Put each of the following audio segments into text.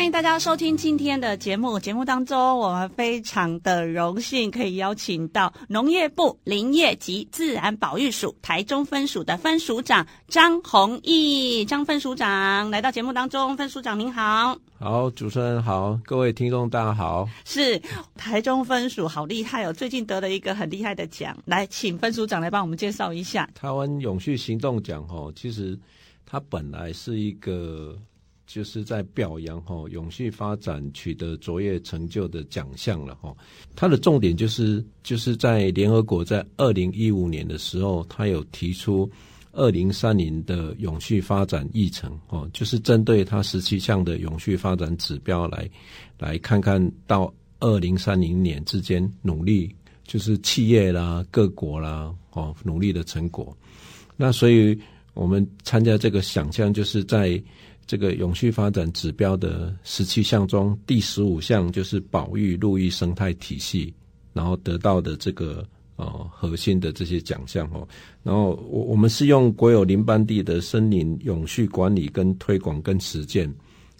歡迎大家收聽今天的節目。節目當中，我們非常的榮幸可以邀請到農業部林業及自然保育署台中分署的分署長張弘毅，張分署長來到節目當中。分署長您好，好，主持人好，各位聽眾大家好。是台中分署好厲害哦，最近得了一個很厲害的獎，來請分署長來幫我們介紹一下台灣永續行動獎哦。其實它本來是一個。就是在表揚吼、哦、永續發展取得卓越成就的獎項了哈、哦。它的重點就是就是在聯合國在二零一五年的時候，它有提出二零三零的永續發展議程哦，就是針對它十七項的永續發展指標來來看看到二零三零年之間努力，就是企業啦、各國啦哦努力的成果。那所以我們參加這個獎項就是在。這個永續發展指標的十七項中，第十五項就是保育陸域生態體系，然後得到的這個呃、哦、核心的這些獎項哦。然後我我們是用國有林班地的森林永續管理跟推廣跟實踐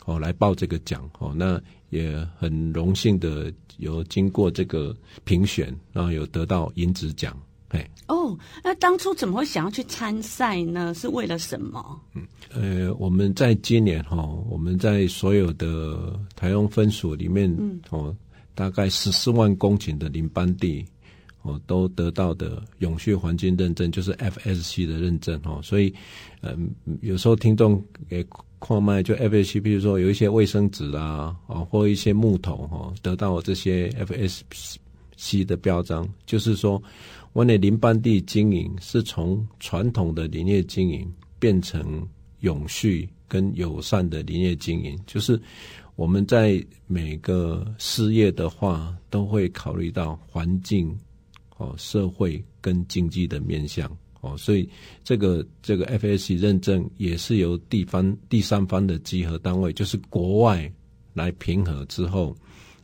哦，來報這個獎哦，那也很榮幸的有經過這個評選，然後有得到銀質獎。哦，嘿 oh, 那當初怎麼會想要去參賽呢？是為了什麼？嗯，呃，我們在今年哈、哦，我們在所有的台中分署裡面，嗯、哦，大概十四萬公頃的林班地，哦，都得到的永續環境認證，就是 FSC 的認證哦。所以，嗯、呃，有時候聽眾給礦脈，就 FSC，比如說有一些衛生紙啊，哦，或一些木頭哦，得到這些 FSC 的標章，就是說。我那林班地經營是從傳統的林業經營變成永續跟友善的林業經營，就是我們在每個事業的話，都會考慮到環境、哦，社會跟經濟的面向哦，所以這個這個 FSC 認證也是由地方第三方的集合單位，就是國外來評核之後。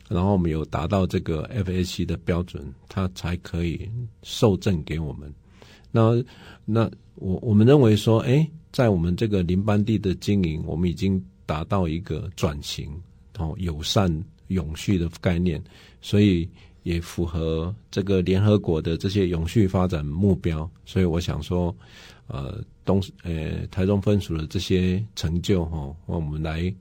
然後我們有達到這個 FSC 的標準，它才可以受證給我們。那那我我們認為說，哎，在我們這個林班地的經營，我們已經達到一個轉型，然、哦、後友善、永續的概念，所以也符合這個聯合國的這些永續發展目標。所以我想說，呃，東呃、哎、台中分署的這些成就，哈、哦，我們來。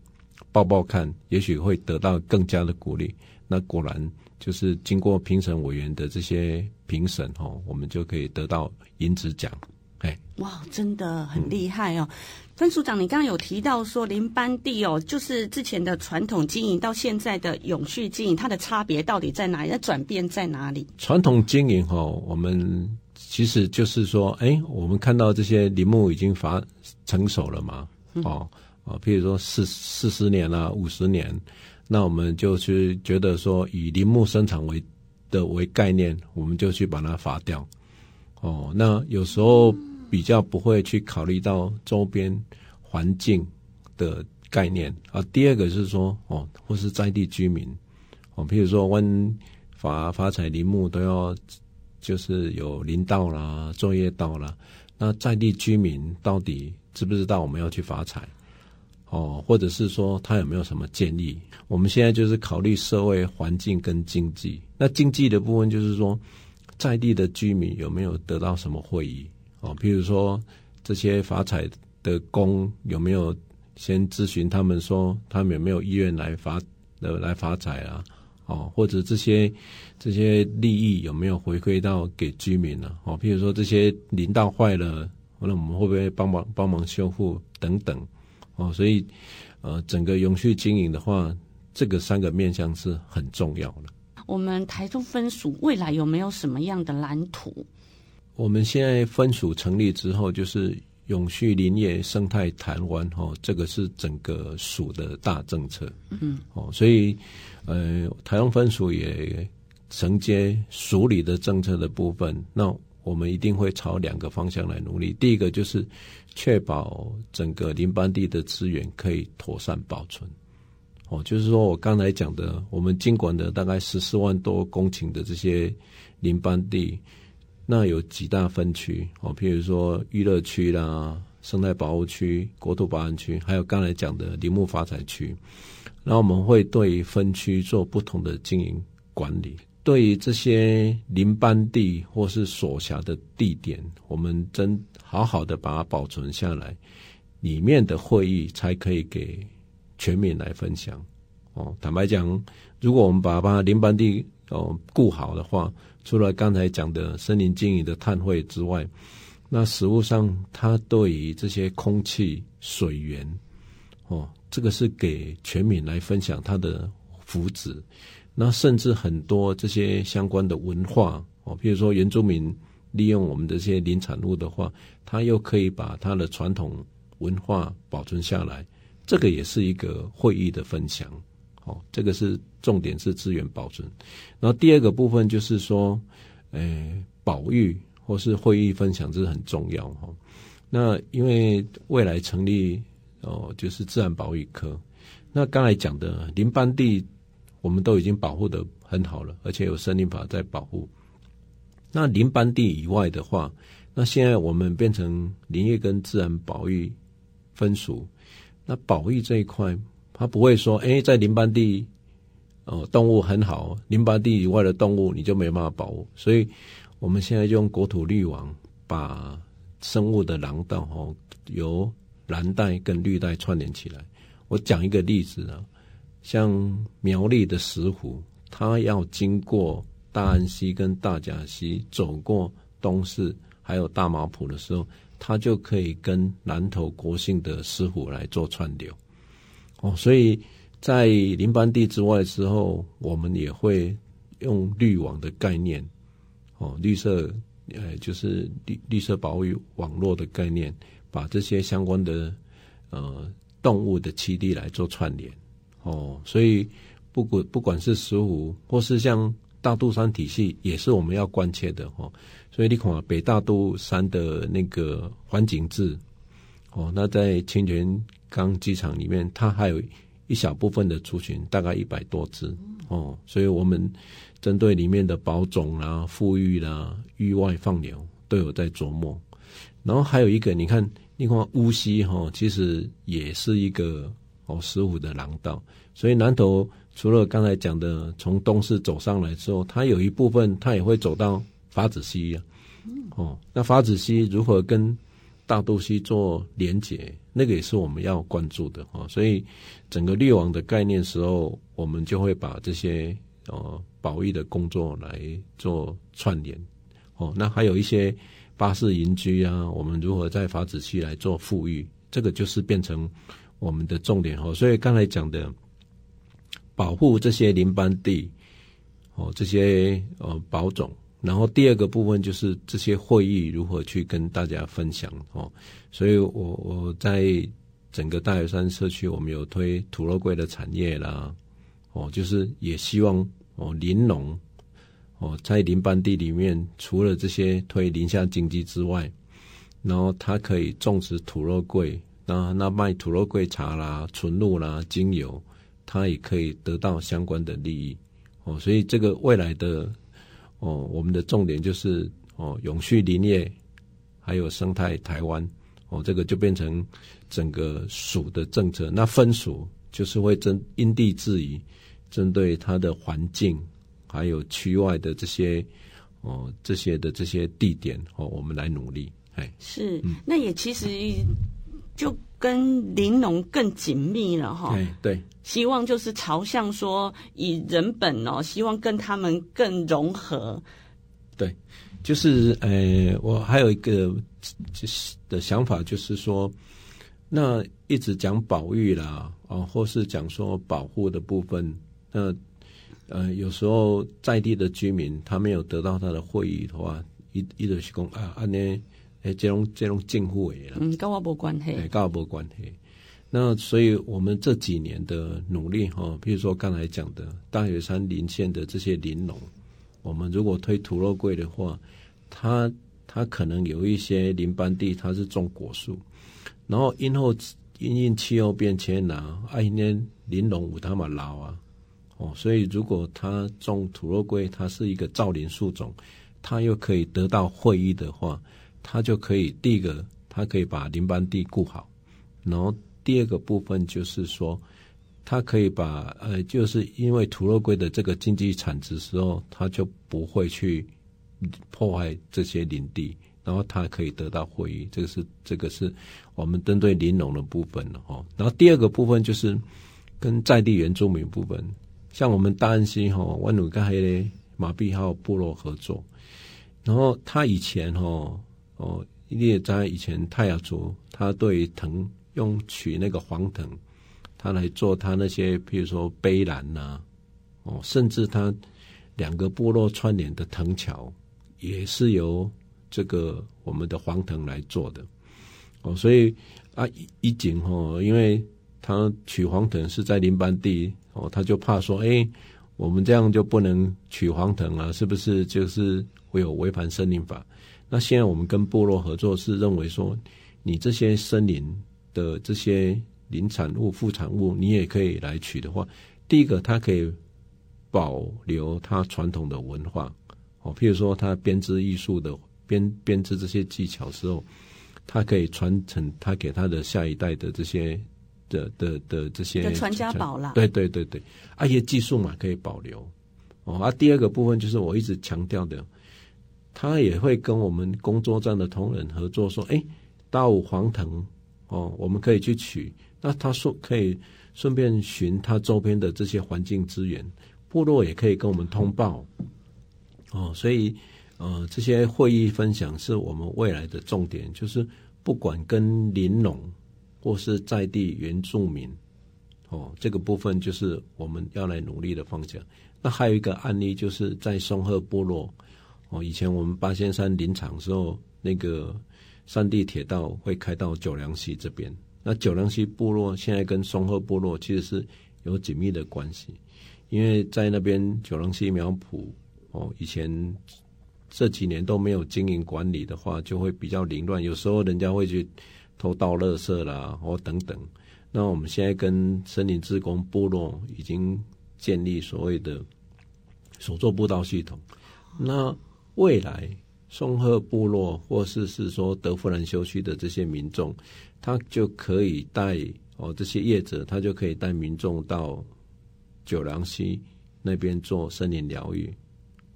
抱抱看，也許會得到更加的鼓勵。那果然就是經過評審委員的這些評審哦，我們就可以得到銀質獎。哎，哇，真的很厲害哦，分、嗯、署長，你剛剛有提到說林班地哦，就是之前的傳統經營到現在的永續經營，它的差別到底在哪裡？它轉變在哪裡？傳統經營哦，我們其實就是說，哎，我們看到這些林木已經發成熟了嘛，哦。嗯啊，譬如說四四十年啦，五十年，那我們就去覺得說，以林木生產為的為概念，我們就去把它伐掉。哦，那有時候比較不會去考慮到周邊環境的概念啊。第二個是說，哦，或是在地居民，哦，譬如說伐，我們伐、伐採林木都要就是有林道啦、作業道啦，那在地居民到底知不知道我們要去伐採？哦，或者是說他有沒有什麼建議？我們現在就是考慮社會環境跟經濟。那經濟的部分就是說，在地的居民有沒有得到什麼惠益？哦，比如說這些伐採的工有沒有先諮詢他們說他們有沒有意願來發呃來伐採啊？哦，或者這些這些利益有沒有回饋到給居民呢、啊？哦，比如說這些林道壞了，那我們會不會幫忙幫忙修復等等？哦，所以，呃，整個永續經營的話，這個三個面向是很重要的。我們台中分署未來有沒有什麼樣的藍圖？我們現在分署成立之後，就是永續林業生態台灣，哦，這個是整個署的大政策。嗯哼，哦，所以，呃，台中分署也承接署裡的政策的部分，那。我們一定會朝兩個方向來努力。第一個就是確保整個林班地的資源可以妥善保存。哦，就是說我剛才講的，我們經管的大概十四萬多公頃的這些林班地，那有幾大分區哦，譬如說娛樂區啦、生態保護區、國土保安區，還有剛才講的林木發展區。那我們會對於分區做不同的經營管理。對於這些林班地或是所轄的地點，我們真好好的把它保存下來，裡面的會議才可以給全民來分享。哦，坦白講，如果我們把把林班地哦顧好的話，除了剛才講的森林經營的碳匯之外，那實務上它對於這些空氣、水源哦，這個是給全民來分享它的福祉。那甚至很多這些相關的文化哦，比如說原住民利用我們的這些林產物的話，他又可以把他的傳統文化保存下來，這個也是一個會議的分享，哦，這個是重點是資源保存。然後第二個部分就是說，誒、呃，保育或是會議分享這是很重要哈、哦。那因為未來成立哦，就是自然保育科。那剛才講的林班地。我們都已經保護得很好了，而且有森林法在保護。那林班地以外的話，那現在我們變成林業跟自然保育分署。那保育這一塊，它不會說，哎，在林班地哦、呃，動物很好，林班地以外的動物你就沒辦法保護。所以，我們現在就用國土綠網把生物的廊道哦，由藍帶跟綠帶串聯起來。我講一個例子啊。像苗栗的石虎，它要經過大安溪跟大甲溪，走過東勢，還有大馬埔的時候，它就可以跟南投國姓的石虎來做串流。哦，所以在林班地之外的時候，我們也會用綠網的概念，哦，綠色呃，就是綠綠色保育網絡的概念，把這些相關的呃動物的棲地來做串聯。哦，所以不管不管是石虎，或是像大肚山體系，也是我們要關切的哦。所以你看，北大肚山的那個環境質，哦，那在清泉崗機場裡面，它還有一小部分的族群，大概一百多隻哦。所以我們針對裡面的保種啦、啊、復育啦、啊、域外放流都有在琢磨。然後還有一個，你看，你看烏溪哈、哦，其實也是一個。哦，十五的廊道，所以南投除了剛才講的從東勢走上來之後，它有一部分它也會走到法子溪啊。哦，那法子溪如何跟大肚溪做連結？那個也是我們要關注的哦。所以整個綠網的概念時候，我們就會把這些呃、哦、保育的工作來做串聯。哦，那還有一些巴士銀居啊，我們如何在法子溪來做富裕？這個就是變成。我們的重點哦，所以剛才講的保護這些林班地哦，這些呃保種，然後第二個部分就是這些會議如何去跟大家分享哦，所以我我在整個大雪山社區，我們有推土肉桂的產業啦，哦，就是也希望哦林農哦在林班地裡面，除了這些推林下經濟之外，然後它可以種植土肉桂。那那賣土肉桂茶啦、純露啦、精油，它也可以得到相關的利益哦。所以這個未來的哦，我們的重點就是哦，永續林業還有生態台灣哦，這個就變成整個署的政策。那分署就是會針因地制宜，針對它的環境還有區外的這些哦這些的這些地點哦，我們來努力。哎，是那也其實。嗯就跟玲瓏更緊密了哈、哎，對對，希望就是朝向說以人本哦，希望跟他們更融合。對，就是呃，我還有一個就是的想法，就是說，那一直講保育啦，啊、哦，或是講說保護的部分，那呃，有時候在地的居民他沒有得到他的惠益的話，一一直去講啊，安接龍接龍進戶誒，嗯，跟我沒關係，跟我沒關係。那所以我們這幾年的努力哈，譬如說剛才講的大雪山林線的這些林農，我們如果推土肉桂的話，它它可能有一些林班地它是種果樹，然後因後因應氣候變遷啊，哎、啊，那林農唔他媽老啊，哦，所以如果他種土肉桂，它是一個造林樹種，它又可以得到惠益的話。他就可以，第一個，他可以把林班地顧好，然後第二個部分就是說，他可以把呃，就是因為土肉桂的這個經濟產值時候，他就不會去破壞這些林地，然後他可以得到收益。這個是這個是我們針對林農的部分了哦。然後第二個部分就是跟在地原住民部分，像我們大安溪吼、萬努蓋黑嘞、馬幣號部落合作，然後他以前吼。哦哦，因為在以前泰雅族，他對藤用取那個黃藤，他來做他那些，比如說背籃吶，哦，甚至他兩個部落串聯的藤橋，也是由這個我們的黃藤來做的。哦，所以啊，一井哦，因為他取黃藤是在林班地，哦，他就怕說哎。欸我們這樣就不能取黃藤啊？是不是就是會有違反森林法？那現在我們跟部落合作，是認為說，你這些森林的這些林產物、副產物，你也可以來取的話，第一個它可以保留它傳統的文化哦，譬如說它編織藝術的編編織這些技巧時候，它可以傳承它給它的下一代的這些。的的的這些傳家寶啦，對對對對，而且技術嘛可以保留哦。啊，第二個部分就是我一直強調的，他也會跟我們工作站的同仁合作，說，誒、欸，大武黃藤哦，我們可以去取。那他說可以順便尋他周邊的這些環境資源，部落也可以跟我們通報哦。所以呃，這些會議分享是我們未來的重點，就是不管跟林農。或是在地原住民，哦，這個部分就是我們要來努力的方向。那還有一個案例，就是在松鶴部落，哦，以前我們八仙山林場的時候，那個山地鐵道會開到九良溪這邊。那九良溪部落現在跟松鶴部落其實是有緊密的關係，因為在那邊九良溪苗圃，哦，以前這幾年都沒有經營管理的話，就會比較凌亂。有時候人家會去。偷倒垃圾啦，或、哦、等等。那我們現在跟森林志工部落已經建立所謂的手作步道系統。那未來松鶴部落或是是說德芙蘭休區的這些民眾，他就可以帶哦這些業者，他就可以帶民眾到久良棲那邊做森林療癒。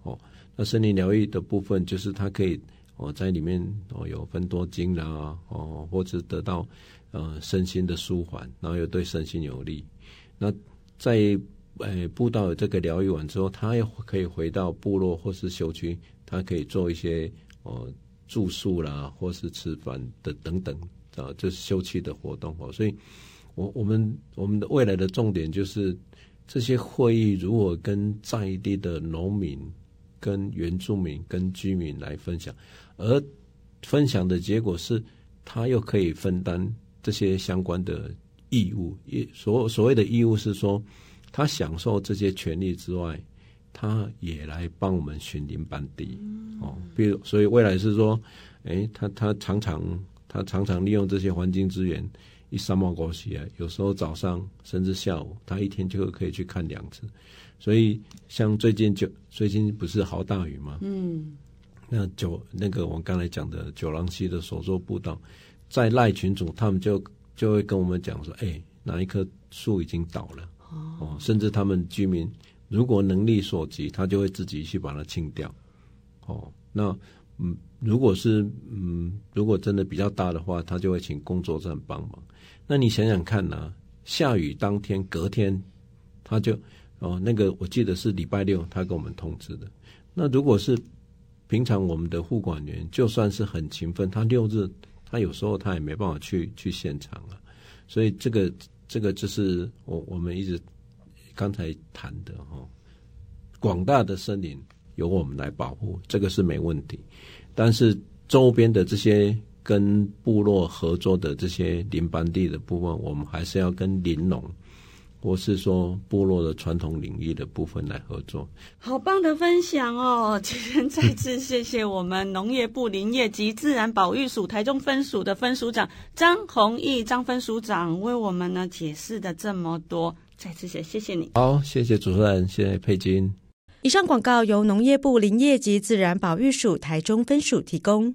哦，那森林療癒的部分就是它可以。我、哦、在裡面哦，有分多金啦，哦，或者得到呃身心的舒緩，然後又對身心有利。那在呃、哎、步道有這個療癒完之後，他也可以回到部落或是休區，他可以做一些哦、呃、住宿啦，或是吃飯的等等啊，就是休憩的活動哦。所以，我我們我們的未來的重點就是這些會議，如何跟在地的農民。跟原住民、跟居民來分享，而分享的結果是，他又可以分擔這些相關的義務。所所謂的義務是說，他享受這些權利之外，他也來幫我們巡林班地、板地、嗯。哦，比如，所以未來是說，哎，他他常常他常常利用這些環境資源一三毛國西啊，有時候早上甚至下午，他一天就可以去看兩次。所以，像最近就最近不是豪大雨嗎？嗯，那九那個我剛才講的九郎溪的手作步道，在賴群組，他們就就會跟我們講說，哎、欸，哪一棵樹已經倒了哦，哦，甚至他們居民如果能力所及，他就會自己去把它清掉。哦，那嗯，如果是嗯，如果真的比較大的話，他就會請工作站幫忙。那你想想看吶、啊，下雨當天，隔天他就。哦，那個我記得是禮拜六他跟我們通知的。那如果是平常我們的護管員，就算是很勤奮，他六日他有時候他也沒辦法去去現場啊。所以這個這個就是我我們一直剛才談的哈、哦。廣大的森林由我們來保護，這個是沒問題。但是周邊的這些跟部落合作的這些林班地的部分，我們還是要跟林農。我是說，部落的傳統領域的部分來合作。好棒的分享哦！今天再次謝謝我們農業部林業及自然保育署台中分署的分署長張弘毅張分署長為我們呢解釋的這麼多，再次謝謝你。好，謝謝主持人，謝謝佩金。以上廣告由農業部林業及自然保育署台中分署提供。